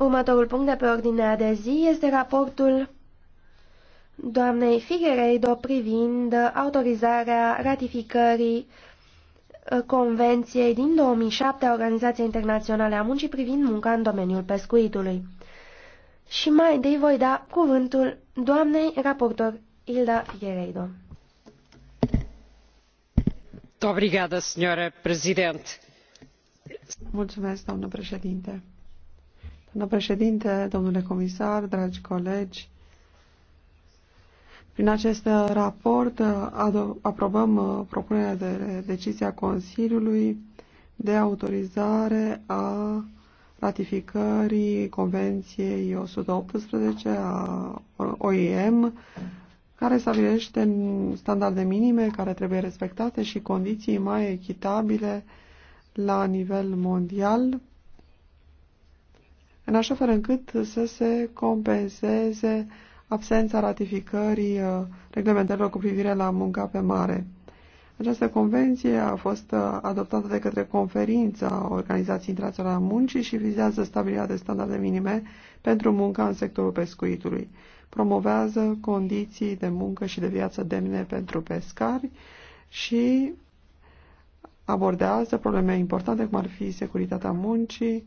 Următorul punct de pe ordinea de zi este raportul doamnei Figueredo privind autorizarea ratificării ă, Convenției din 2007 a Organizației Internaționale a Muncii privind munca în domeniul pescuitului. Și mai întâi voi da cuvântul doamnei raportor Ilda Figueiredo. Mulțumesc, doamnă președinte. Doamna președinte, domnule comisar, dragi colegi, prin acest raport uh, aprobăm uh, propunerea de decizie a Consiliului de autorizare a ratificării Convenției 118 a OIM, care stabilește standarde minime care trebuie respectate și condiții mai echitabile la nivel mondial în așa fel încât să se compenseze absența ratificării uh, reglementărilor cu privire la munca pe mare. Această convenție a fost uh, adoptată de către conferința Organizației Internaționale a Muncii și vizează stabilirea de standarde minime pentru munca în sectorul pescuitului. Promovează condiții de muncă și de viață demne pentru pescari și abordează probleme importante cum ar fi securitatea muncii,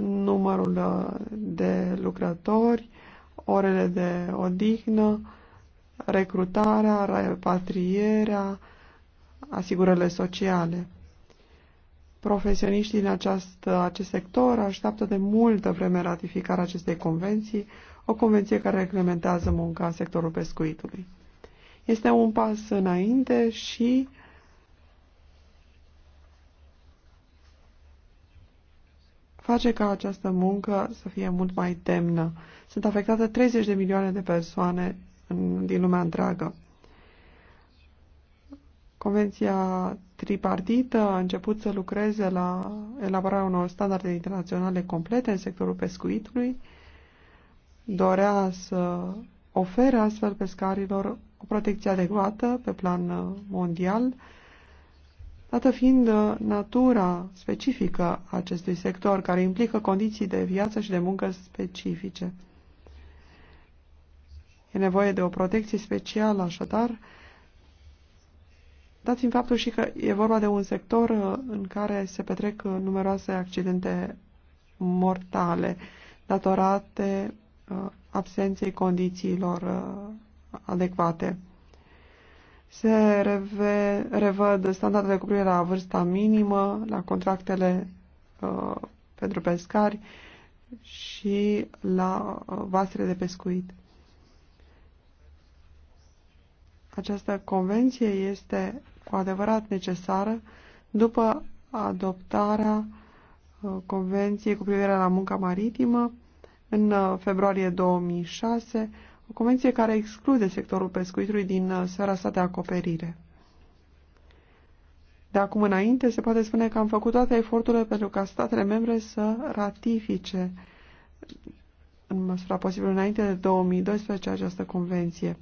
numărul uh, de lucrători, orele de odihnă, recrutarea, repatrierea, asigurările sociale. Profesioniștii din acest uh, acest sector așteaptă de multă vreme ratificarea acestei convenții, o convenție care reglementează munca în sectorul pescuitului. Este un pas înainte și face ca această muncă să fie mult mai demnă. Sunt afectate 30 de milioane de persoane în, din lumea întreagă. Convenția tripartită a început să lucreze la elaborarea unor standarde internaționale complete în sectorul pescuitului. Dorea să ofere astfel pescarilor o protecție adecvată pe plan uh, mondial dată fiind uh, natura specifică a acestui sector, care implică condiții de viață și de muncă specifice. E nevoie de o protecție specială, așadar, dat fiind faptul și că e vorba de un sector uh, în care se petrec uh, numeroase accidente mortale datorate absenței condițiilor adecvate se reve, revăd standardele de cuprire la vârsta minimă, la contractele uh, pentru pescari și la uh, vasele de pescuit. Această convenție este cu adevărat necesară după adoptarea uh, convenției cu privire la munca maritimă în uh, februarie 2006 o convenție care exclude sectorul pescuitului din uh, sfera sa de acoperire. De acum înainte, se poate spune că am făcut toate eforturile pentru ca statele membre să ratifice în măsura posibilă înainte de 2012 această convenție.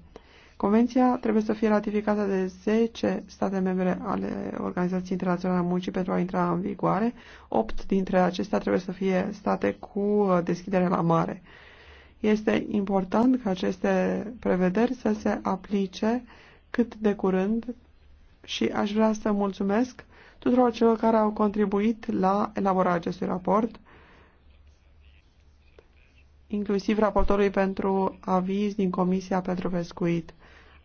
Convenția trebuie să fie ratificată de 10 state membre ale Organizației Internaționale a Muncii pentru a intra în vigoare. 8 dintre acestea trebuie să fie state cu uh, deschidere la mare. Este important ca aceste prevederi să se aplice cât de curând și aș vrea să mulțumesc tuturor celor care au contribuit la elaborarea acestui raport, inclusiv raportorului pentru aviz din Comisia pentru Pescuit.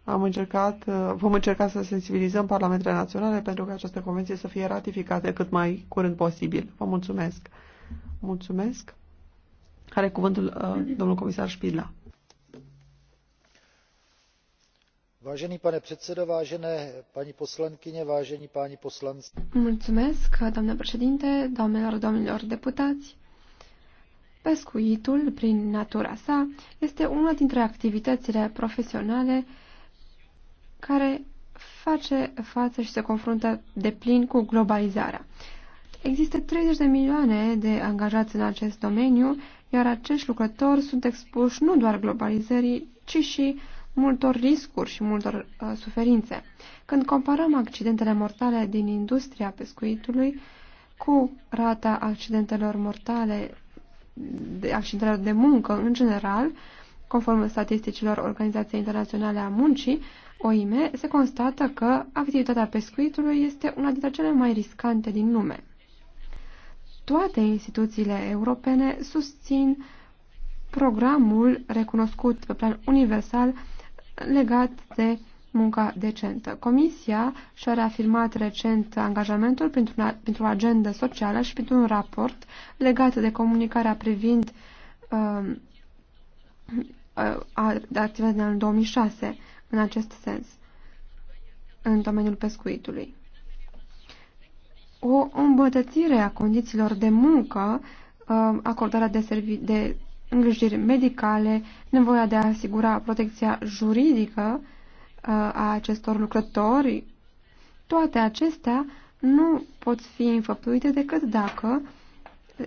Am încercat, vom încerca să sensibilizăm parlamentele naționale pentru că această convenție să fie ratificată cât mai curând posibil. Vă mulțumesc! Mulțumesc! care cuvântul uh, domnul comisar Spidla. Vážený pane předsedo, vážené paní poslankyně, vážení páni poslanci. Mulțumesc, doamnă președinte, doamnelor, domnilor deputați. Pescuitul, prin natura sa, este una dintre activitățile profesionale care face față și se confruntă de plin cu globalizarea. Există 30 de milioane de angajați în acest domeniu iar acești lucrători sunt expuși nu doar globalizării, ci și multor riscuri și multor uh, suferințe. Când comparăm accidentele mortale din industria pescuitului cu rata accidentelor mortale, de, accidentelor de muncă în general, conform statisticilor Organizației Internaționale a Muncii, OIM, se constată că activitatea pescuitului este una dintre cele mai riscante din lume toate instituțiile europene susțin programul recunoscut pe plan universal legat de munca decentă. Comisia și-a reafirmat recent angajamentul pentru, una, pentru o agendă socială și pentru un raport legat de comunicarea privind uh, activitatea în 2006 în acest sens, în domeniul pescuitului o îmbătățire a condițiilor de muncă, uh, acordarea de, servi- de îngrijiri medicale, nevoia de a asigura protecția juridică uh, a acestor lucrători, toate acestea nu pot fi înfăptuite decât dacă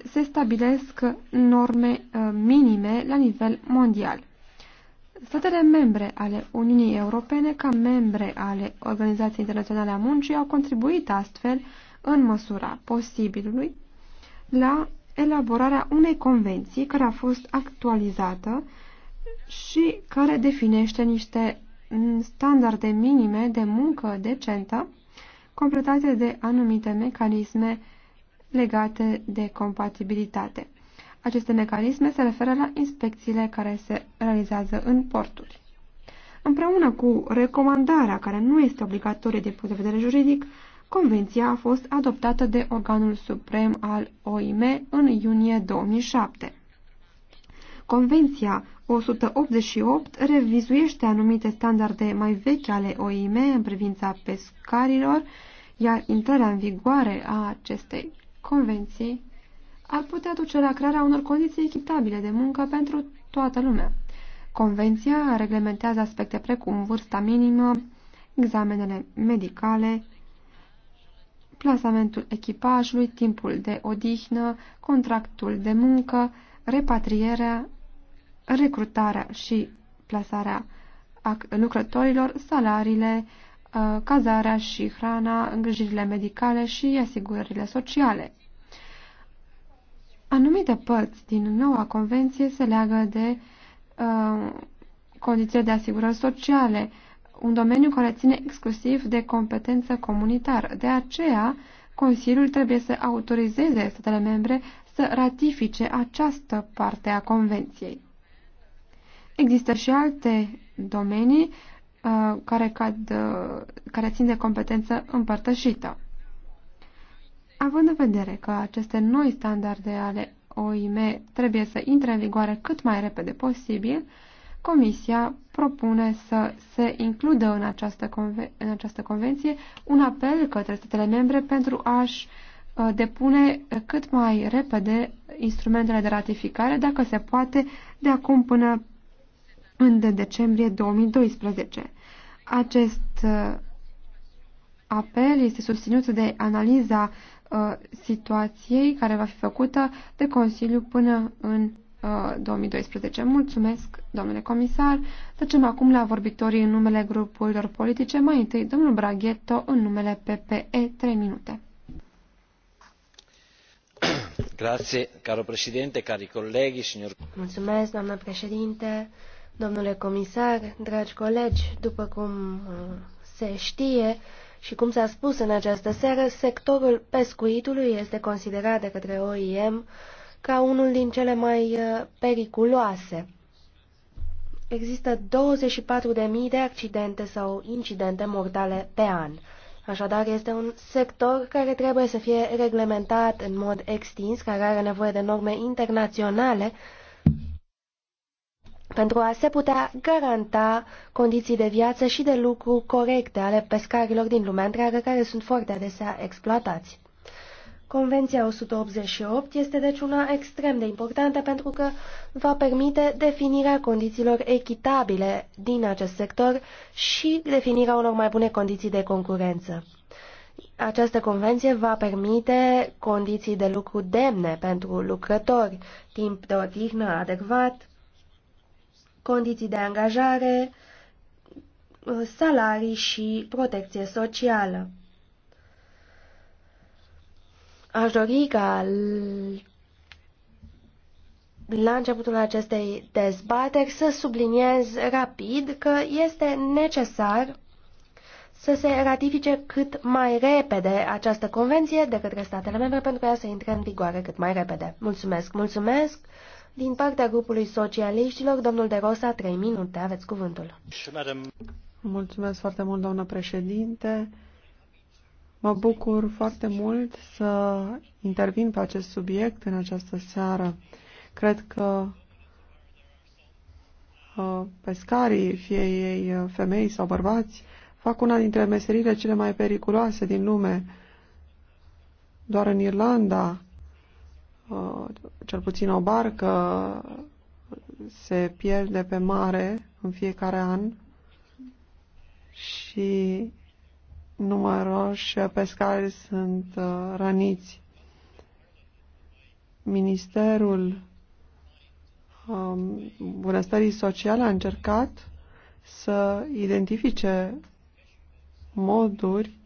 se stabilesc norme uh, minime la nivel mondial. Statele membre ale Uniunii Europene, ca membre ale Organizației Internaționale a Muncii, au contribuit astfel în măsura posibilului, la elaborarea unei convenții care a fost actualizată și care definește niște standarde minime de muncă decentă, completate de anumite mecanisme legate de compatibilitate. Aceste mecanisme se referă la inspecțiile care se realizează în porturi. Împreună cu recomandarea, care nu este obligatorie din punct de vedere juridic, Convenția a fost adoptată de organul suprem al OIM în iunie 2007. Convenția 188 revizuiește anumite standarde mai vechi ale OIM în privința pescarilor, iar intrarea în vigoare a acestei convenții ar putea duce la crearea unor condiții echitabile de muncă pentru toată lumea. Convenția reglementează aspecte precum vârsta minimă, examenele medicale, plasamentul echipajului, timpul de odihnă, contractul de muncă, repatrierea, recrutarea și plasarea lucrătorilor, salariile, uh, cazarea și hrana, îngrijirile medicale și asigurările sociale. Anumite părți din noua convenție se leagă de uh, condiții de asigurări sociale, un domeniu care ține exclusiv de competență comunitară. De aceea, Consiliul trebuie să autorizeze statele membre să ratifice această parte a Convenției. Există și alte domenii uh, care, cad, uh, care țin de competență împărtășită. Având în vedere că aceste noi standarde ale OIM trebuie să intre în vigoare cât mai repede posibil, uh, Comisia propune să se includă în această, conven în această convenție un apel către statele membre pentru a-și uh, depune cât mai repede instrumentele de ratificare, dacă se poate, de acum până în de decembrie 2012. Acest uh, apel este susținut de analiza uh, situației care va fi făcută de Consiliu până în 2012. Uh, Mulțumesc, domnule comisar. Trecem acum la vorbitorii în numele grupurilor politice. Mai întâi, domnul Braghetto, în numele PPE, 3 minute. Grazie, caro președinte, cari colegi, signor... Mulțumesc, doamna președinte, domnule comisar, dragi colegi, după cum uh, se știe și cum s-a spus în această seară, sectorul pescuitului este considerat de către OIM uh, ca unul din cele mai uh, periculoase. Există 24.000 de accidente sau incidente mortale pe an. Așadar, este un sector care trebuie să fie reglementat în mod extins, care are nevoie de norme internaționale pentru a se putea garanta condiții de viață și de lucru corecte ale pescarilor din lumea întreagă care sunt foarte adesea exploatați. Convenția 188 este deci una extrem de importantă pentru că va permite definirea condițiilor echitabile din acest sector și definirea unor mai bune condiții de concurență. Această convenție va permite condiții de lucru demne pentru lucrători, timp de odihnă adecvat, condiții de angajare, salarii și protecție socială. Aș dori ca la începutul acestei dezbateri să subliniez rapid că este necesar să se ratifice cât mai repede această convenție de către statele membre pentru ca ea să intre în vigoare cât mai repede. Mulțumesc, mulțumesc! Din partea grupului socialiștilor, domnul De Rosa, trei minute, aveți cuvântul. Mulțumesc foarte mult, doamnă președinte. Mă bucur foarte mult să intervin pe acest subiect în această seară. Cred că uh, pescarii, fie ei uh, femei sau bărbați, fac una dintre meserile cele mai periculoase din lume. Doar în Irlanda, uh, cel puțin o barcă se pierde pe mare în fiecare an și numeroși pescari sunt uh, răniți. Ministerul um, Bunăstării Sociale a încercat să identifice moduri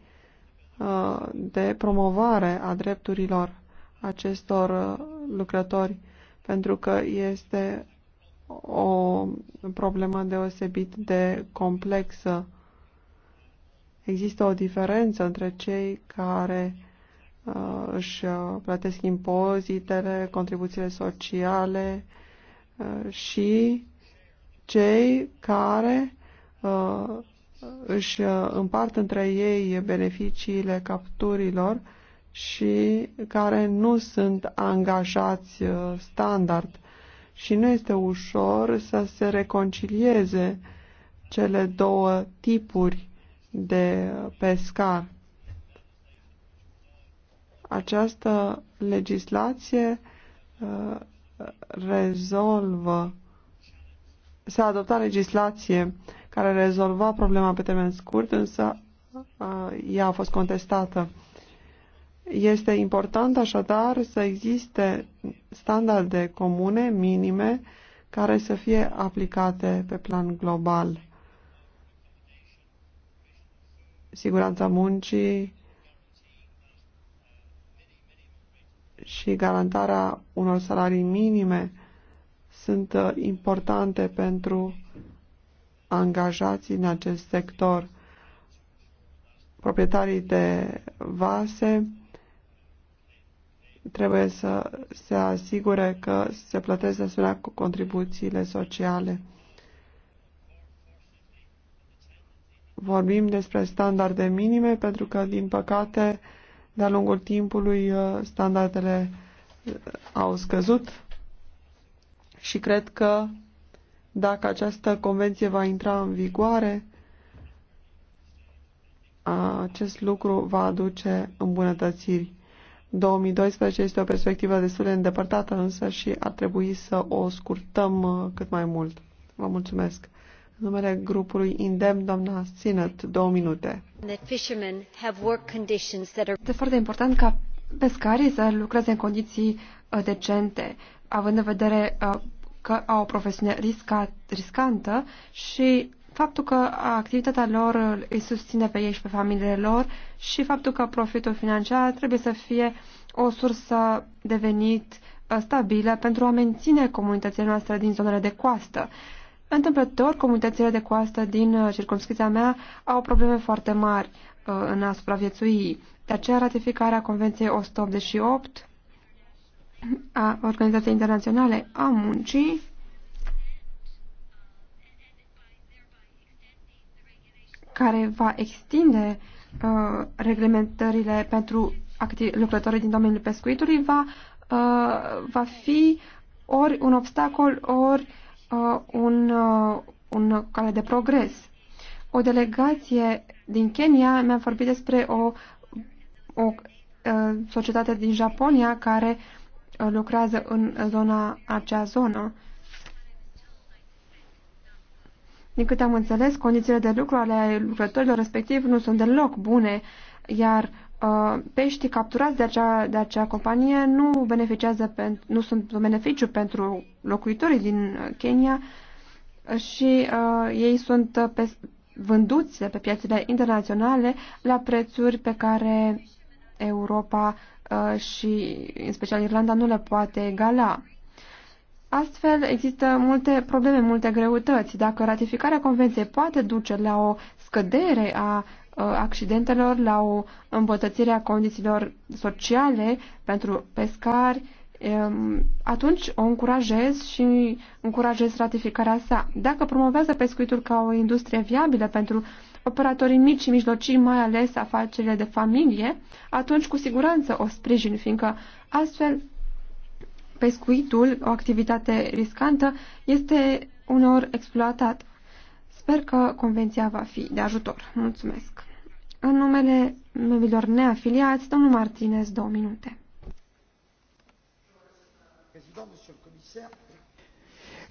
uh, de promovare a drepturilor acestor uh, lucrători, pentru că este o problemă deosebit de complexă. Există o diferență între cei care uh, își uh, plătesc impozitele, contribuțiile sociale uh, și cei care uh, își uh, împart între ei beneficiile capturilor și care nu sunt angajați uh, standard. Și nu este ușor să se reconcilieze cele două tipuri de pescar. Această legislație uh, rezolvă s-a adoptat legislație care rezolva problema pe termen scurt, însă uh, ea a fost contestată. Este important așadar să existe standarde comune minime care să fie aplicate pe plan global siguranța muncii și garantarea unor salarii minime sunt uh, importante pentru angajații în acest sector. Proprietarii de vase trebuie să se asigure că se plătesc asemenea cu contribuțiile sociale. vorbim despre standarde minime, pentru că, din păcate, de-a lungul timpului, uh, standardele uh, au scăzut și cred că dacă această convenție va intra în vigoare, acest lucru va aduce îmbunătățiri. 2012 este o perspectivă destul de îndepărtată însă și ar trebui să o scurtăm uh, cât mai mult. Vă mulțumesc! numele grupului Indem, doamna Sinet, două minute. Este foarte important ca pescarii să lucreze în condiții uh, decente, având în vedere uh, că au o profesiune riscat, riscantă și faptul că activitatea lor uh, îi susține pe ei și pe familiile lor și faptul că profitul financiar trebuie să fie o sursă de venit stabilă pentru a menține comunitățile noastre din zonele de coastă. Întâmplător, comunitățile de coastă din uh, circumscripția mea au probleme foarte mari uh, în a supraviețui. De aceea, ratificarea Convenției 188 a Organizației Internaționale a Muncii care va extinde uh, reglementările pentru lucrătorii din domeniul pescuitului va, uh, va fi ori un obstacol, ori uh, Uh, un, uh, un cale de progres. O delegație din Kenya mi-a vorbit despre o, o uh, societate din Japonia care lucrează în zona acea zonă. Din câte am înțeles, condițiile de lucru ale lucrătorilor respectiv nu sunt deloc bune, iar Uh, peștii capturați de acea, de acea companie nu beneficiază pentru, nu sunt un beneficiu pentru locuitorii din uh, Kenya și uh, ei sunt uh, pe, vânduți pe piațele internaționale la prețuri pe care Europa uh, și în special Irlanda nu le poate egala. Astfel, există multe probleme, multe greutăți. Dacă ratificarea convenției poate duce la o scădere a Uh, accidentelor, la o îmbătățire a condițiilor sociale pentru pescari, um, atunci o încurajez și încurajez ratificarea sa. Dacă promovează pescuitul ca o industrie viabilă pentru operatorii mici și mijlocii, mai ales afacerile de familie, atunci cu siguranță o sprijin, fiindcă astfel pescuitul, o activitate riscantă, este uneori exploatat. Sper că convenția va fi de ajutor. Mulțumesc! În numele membrilor neafiliați, domnul Martinez, două minute.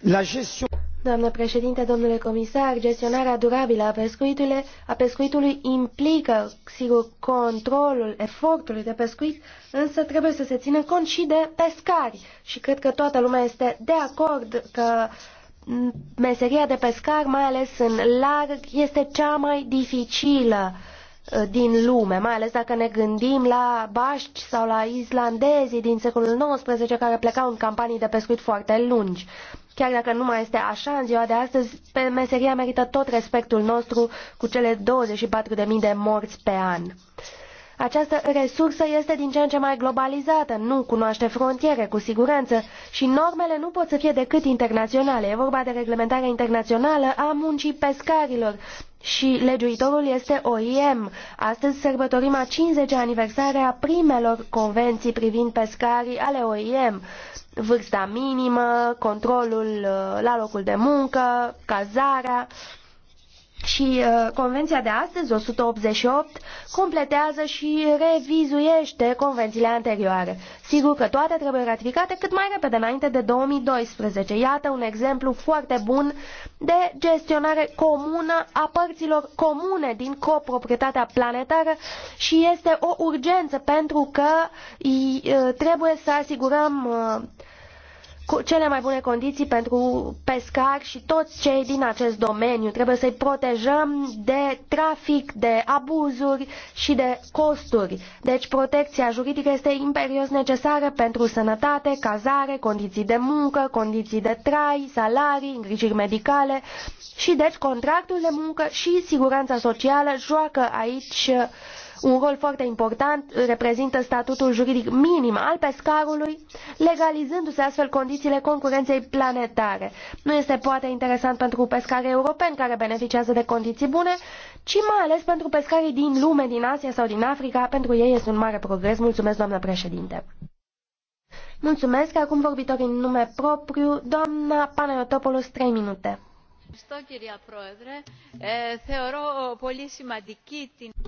La gestion... Doamnă președinte, domnule comisar, gestionarea durabilă a pescuitului, a pescuitului implică, sigur, controlul efortului de pescuit, însă trebuie să se țină cont și de pescari. Și cred că toată lumea este de acord că meseria de pescar, mai ales în larg, este cea mai dificilă. Uh, din lume, mai ales dacă ne gândim la bașci sau la islandezii din secolul XIX care plecau în campanii de pescuit foarte lungi. Chiar dacă nu mai este așa în ziua de astăzi, pe meseria merită tot respectul nostru cu cele 24.000 de morți pe an. Această resursă este din ce în ce mai globalizată, nu cunoaște frontiere cu siguranță și normele nu pot să fie decât internaționale. E vorba de reglementarea internațională a muncii pescarilor, și legiuitorul este OIM. Astăzi sărbătorim a 50-a aniversare a primelor convenții privind pescarii ale OIM. Vârsta minimă, controlul uh, la locul de muncă, cazarea, uh, și uh, convenția de astăzi, 188, completează și revizuiește convențiile anterioare. Sigur că toate trebuie ratificate cât mai repede înainte de 2012. Iată un exemplu foarte bun de gestionare comună a părților comune din coproprietatea planetară și este o urgență pentru că uh, trebuie să asigurăm uh, cele mai bune condiții pentru pescari și toți cei din acest domeniu. Trebuie să-i protejăm de trafic, de abuzuri și de costuri. Deci protecția juridică este imperios necesară pentru sănătate, cazare, condiții de muncă, condiții de trai, salarii, îngrijiri medicale și deci contractul de muncă și siguranța socială joacă aici uh, un rol foarte important reprezintă statutul juridic minim al pescarului, legalizându-se astfel condițiile concurenței planetare. Nu este poate interesant pentru pescarii europeni care beneficiază de condiții bune, ci mai ales pentru pescarii din lume, din Asia sau din Africa. Pentru ei este un mare progres. Mulțumesc, doamnă președinte! Mulțumesc, acum vorbitori în nume propriu, doamna Panayotopoulos, 3 minute.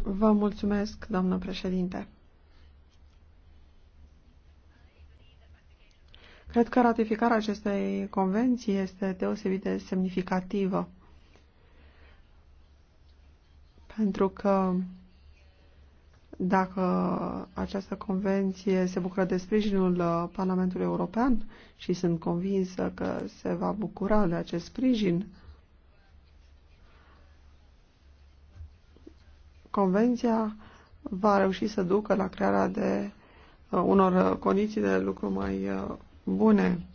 Vă mulțumesc, doamnă președinte. Cred că ratificarea acestei convenții este deosebit de semnificativă, pentru că dacă această convenție se bucură de sprijinul uh, Parlamentului European și sunt convinsă că se va bucura de acest sprijin, Convenția va reuși să ducă la crearea de uh, unor uh, condiții de lucru mai uh, bune.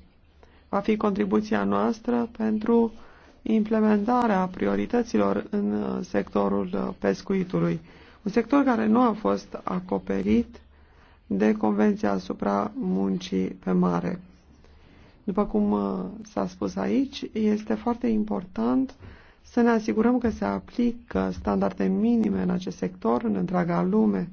Va fi contribuția noastră pentru implementarea priorităților în sectorul pescuitului, un sector care nu a fost acoperit de Convenția asupra muncii pe mare. După cum s-a spus aici, este foarte important să ne asigurăm că se aplică standarde minime în acest sector, în întreaga lume.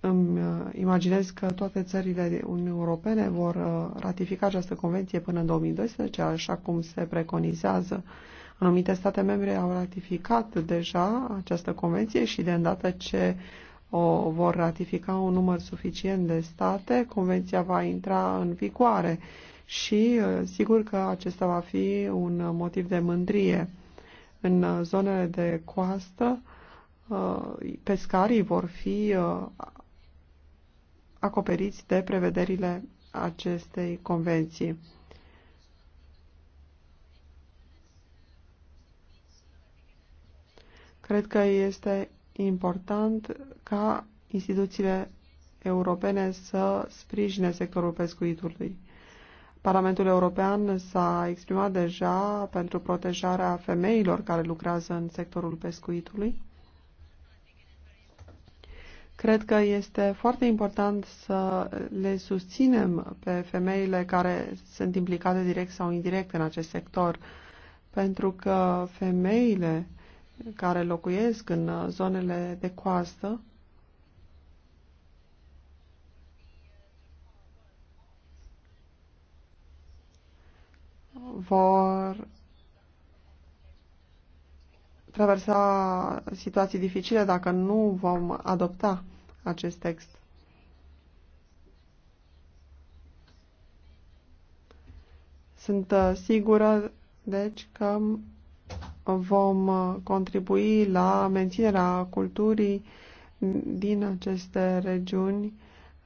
Îmi uh, imaginez că toate țările Uniunii Europene vor uh, ratifica această convenție până în 2012, așa cum se preconizează. Anumite state membre au ratificat deja această convenție și de îndată ce o vor ratifica un număr suficient de state, convenția va intra în vigoare și uh, sigur că acesta va fi un motiv de mândrie. În uh, zonele de coastă, uh, pescarii vor fi acoperiți de prevederile acestei convenții. Cred că este important ca instituțiile europene să sprijine sectorul pescuitului. Parlamentul European s-a exprimat deja pentru protejarea femeilor care lucrează în sectorul pescuitului. Cred că este foarte important să le susținem pe femeile care sunt implicate direct sau indirect în acest sector, pentru că femeile care locuiesc în zonele de coastă vor traversa situații dificile dacă nu vom adopta acest text. Sunt uh, sigură, deci, că vom uh, contribui la menținerea culturii din aceste regiuni,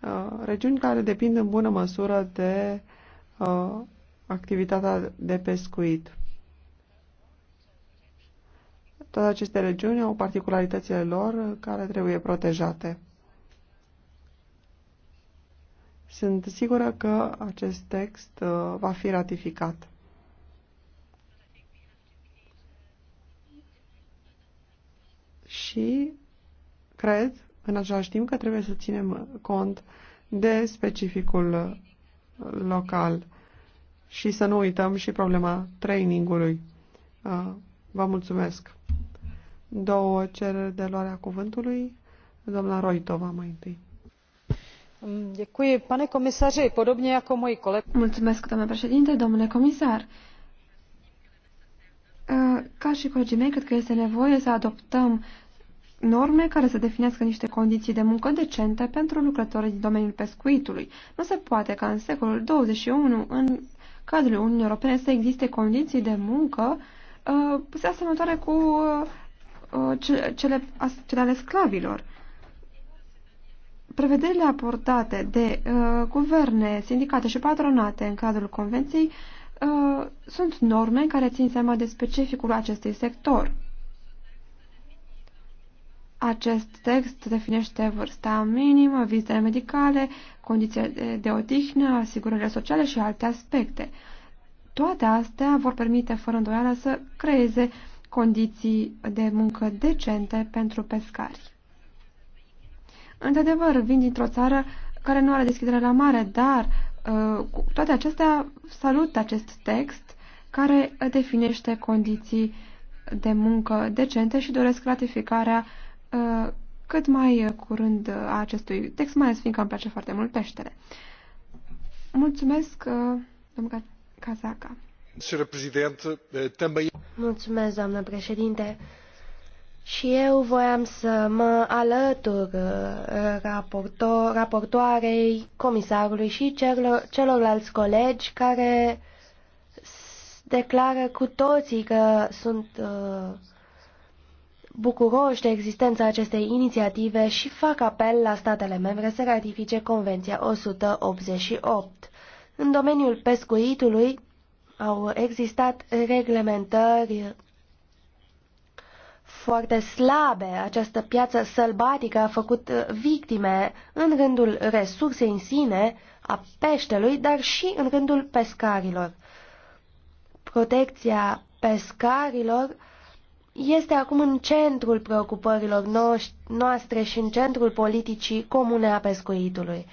uh, regiuni care depind în bună măsură de activitatea de pescuit. Toate aceste regiuni au particularitățile lor care trebuie protejate. Sunt sigură că acest text uh, va fi ratificat. Și cred, în același timp, că trebuie să ținem cont de specificul local și să nu uităm și problema trainingului. Vă mulțumesc. Două cereri de luare a cuvântului. Doamna Roitova mai întâi. Mm, děkuji, pane komisaři, podobně jako moji kolegové. Mulțumesc, doamna președinte, domnule comisar. Ca și colegii mei, cred că este nevoie să adoptăm norme care să definească niște condiții de muncă decente pentru lucrătorii din domeniul pescuitului. Nu se poate ca în secolul 21, în cadrul Uniunii Europene să existe condiții de muncă uh, asemănătoare cu uh, uh ce, cele, cele ale sclavilor. Prevederile aportate de uh, guverne, sindicate și patronate în cadrul Convenției uh, sunt norme care țin seama de specificul acestui sector. Acest text definește vârsta minimă, vizitele medicale, condiții de odihnă, asigurările sociale și alte aspecte. Toate astea vor permite, fără îndoială, să creeze condiții de muncă decente pentru pescari. Într-adevăr, vin dintr-o țară care nu are deschidere la mare, dar uh, cu toate acestea salut acest text care definește condiții de muncă decente și doresc ratificarea uh, Uh, cât mai curând uh, a acestui text, mai ales fiindcă îmi place foarte mult peștele. Mulțumesc, uh, domnul Cazaca. Mulțumesc, doamnă președinte. Și eu voiam să mă alătur raportor, raportoarei, comisarului și celor, celorlalți colegi care declară cu toții că sunt uh, bucuroși de existența acestei inițiative și fac apel la statele membre să ratifice Convenția 188. În domeniul pescuitului au existat reglementări foarte slabe. Această piață sălbatică a făcut victime în rândul resursei în sine, a peștelui, dar și în rândul pescarilor. Protecția pescarilor este acum în centrul preocupărilor noastre și în centrul politicii comune a pescuitului.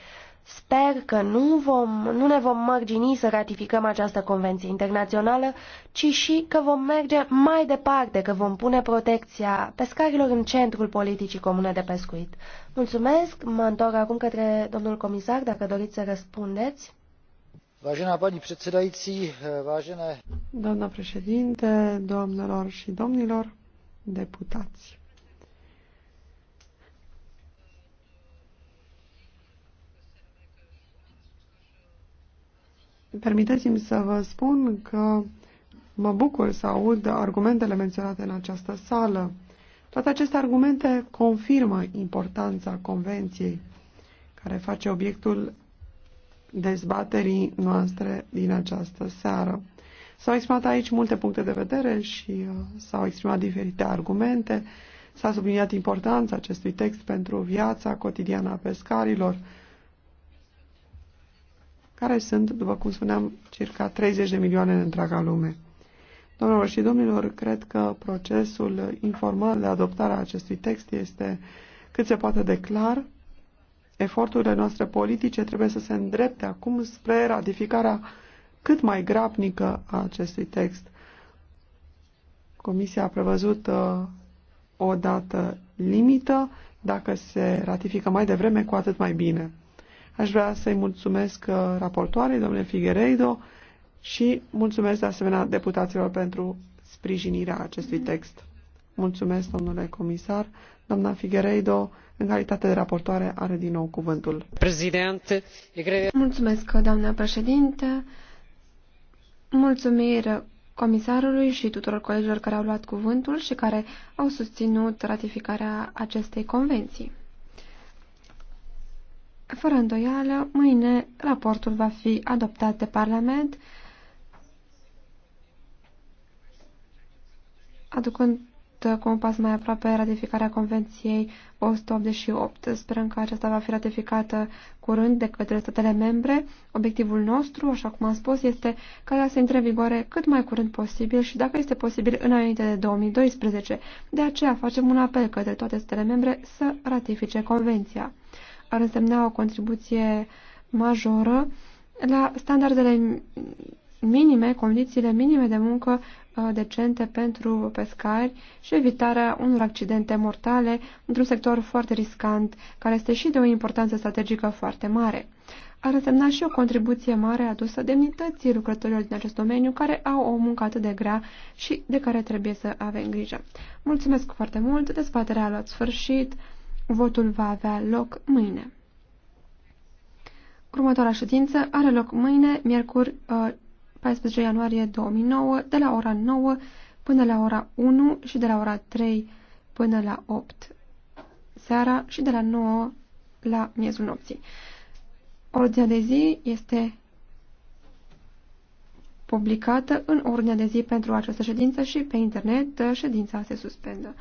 Sper că nu, vom, nu ne vom mărgini să ratificăm această convenție internațională, ci și că vom merge mai departe, că vom pune protecția pescarilor în centrul politicii comune de pescuit. Mulțumesc, mă întorc acum către domnul comisar, dacă doriți să răspundeți. Doamna președinte, doamnelor și domnilor deputați. Permiteți-mi să vă spun că mă bucur să aud argumentele menționate în această sală. Toate aceste argumente confirmă importanța Convenției, care face obiectul dezbaterii noastre din această seară. S-au exprimat aici multe puncte de vedere și uh, s-au exprimat diferite argumente. S-a subliniat importanța acestui text pentru viața cotidiană a pescarilor, care sunt, după cum spuneam, circa 30 de milioane în întreaga lume. Domnilor și domnilor, cred că procesul informal de adoptare a acestui text este cât se poate de clar. Eforturile noastre politice trebuie să se îndrepte acum spre ratificarea cât mai grabnică a acestui text. Comisia a prevăzut uh, o dată limită. Dacă se ratifică mai devreme, cu atât mai bine. Aș vrea să-i mulțumesc uh, raportoarei, domnule Figueiredo, și mulțumesc de asemenea deputaților pentru sprijinirea acestui text. Mulțumesc, domnule comisar. Doamna Figueiredo, în calitate de raportoare, are din nou cuvântul. Președinte, Mulțumesc, doamna președinte. Mulțumiri comisarului și tuturor colegilor care au luat cuvântul și care au susținut ratificarea acestei convenții. Fără îndoială, mâine raportul va fi adoptat de Parlament, aducând făcut cu un pas mai aproape ratificarea Convenției 188. Sperăm că aceasta va fi ratificată curând de către statele membre. Obiectivul nostru, așa cum am spus, este ca ea să intre în vigoare cât mai curând posibil și dacă este posibil înainte de 2012. De aceea facem un apel către toate statele membre să ratifice Convenția. Ar însemna o contribuție majoră la standardele minime, condițiile minime de muncă uh, decente pentru pescari și evitarea unor accidente mortale într-un sector foarte riscant, care este și de o importanță strategică foarte mare. Ar însemna și o contribuție mare adusă demnității lucrătorilor din acest domeniu care au o muncă atât de grea și de care trebuie să avem grijă. Mulțumesc foarte mult, dezbaterea a luat sfârșit, votul va avea loc mâine. Următoarea ședință are loc mâine, miercuri, uh, 14 ianuarie 2009, de la ora 9 până la ora 1 și de la ora 3 până la 8 seara și de la 9 la miezul nopții. Ordinea de zi este publicată în ordinea de zi pentru această ședință și pe internet ședința se suspendă.